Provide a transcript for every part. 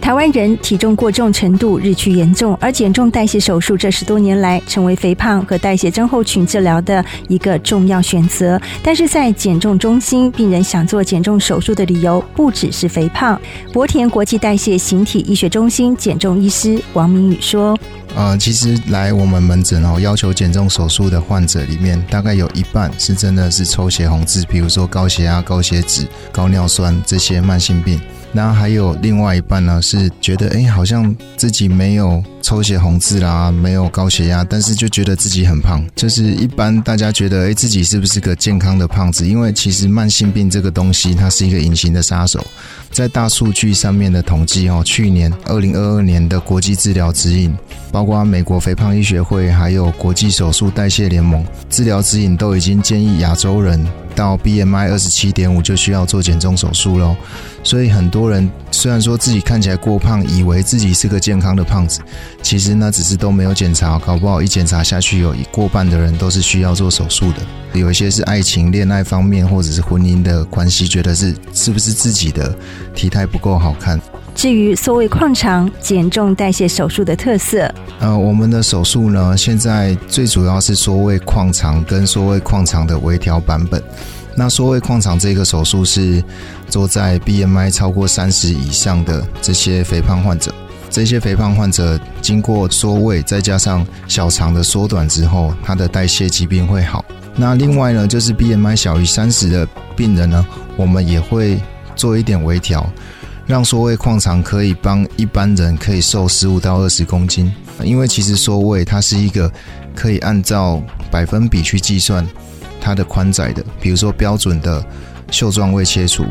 台灣人體重過重程度日趨嚴重，而減重代謝手術這十多年來成為肥胖和代謝症候群治療的一個重要選擇。但是在減重中心，病人想做減重手術的理由不只是肥胖。博田國際代謝形體醫學中心減重醫師王銘嶼說：“呃，其實來我們門診哦，要求減重手術的患者裡面，大概有一半是真的是抽血紅字，比如說高血壓、高血脂、高尿酸這些慢性病。”然後還有另外一半呢，是覺得哎，好像自己沒有抽血紅字啦，沒有高血壓，但是就覺得自己很胖，就是一般大家覺得哎，自己是不是個健康的胖子？因為其實慢性病這個東西，它是一個隱形的殺手。在大數據上面的統計哦，去年二零二二年的國際治療指引，包括美國肥胖醫學會還有國際手術代謝聯盟治療指引，都已經建議亞洲人。到 BMI 二十七點五就需要做減重手術咯。所以很多人雖然說自己看起來過胖，以為自己是個健康的胖子，其實呢只是都沒有檢查，搞不好一檢查下去，有一過半的人都是需要做手術的。有一些是愛情、戀愛方面或者是婚姻的關係，覺得是是不是自己的體態不夠好看。至於縮胃曠腸減重代謝手術的特色，呃，我們的手術呢，現在最主要是縮胃曠腸跟縮胃曠腸的微調版本。那縮胃曠腸這個手術是做在 BMI 超過三十以上的這些肥胖患者，這些肥胖患者經過縮胃再加上小腸的縮短之後，他的代謝疾病會好。那另外呢，就是 BMI 小於三十的病人呢，我們也會做一點微調。讓縮胃礦場可以幫一般人可以瘦十五到二十公斤，因為其實縮胃它是一個可以按照百分比去計算它的寬窄的，比如說標準的袖狀胃切除。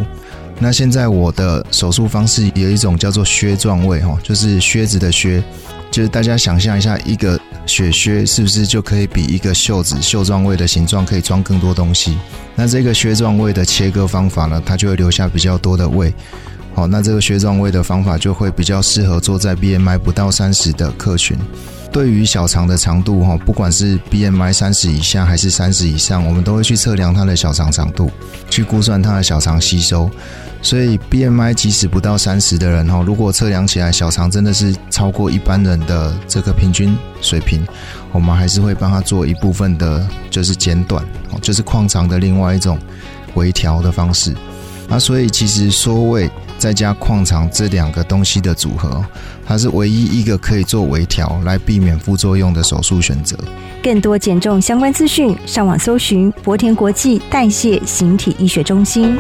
那現在我的手術方式有一種叫做靴狀胃吼，就是靴子的靴，就是大家想象一下一個雪靴是不是就可以比一個袖子袖狀胃的形狀可以裝更多東西？那這個靴狀胃的切割方法呢，它就會留下比較多的胃。好，那這個血轉位的方法就會比較適合坐在 B M I 不到三十的客群。對於小腸的長度，哈，不管是 B M I 三十以下還是三十以上，我們都會去測量它的小腸長度，去估算它的小腸吸收。所以 B M I 即使不到三十的人，哈，如果測量起來小腸真的是超過一般人的這個平均水平，我們還是會幫他做一部分的，就是減短，就是曠腸的另外一種微調的方式。那所以其實縮胃。再加礦場這兩個東西的組合，它是唯一一個可以做微調來避免副作用的手術選擇。更多減重相關資訊，上網搜尋博田國際代謝形體醫學中心。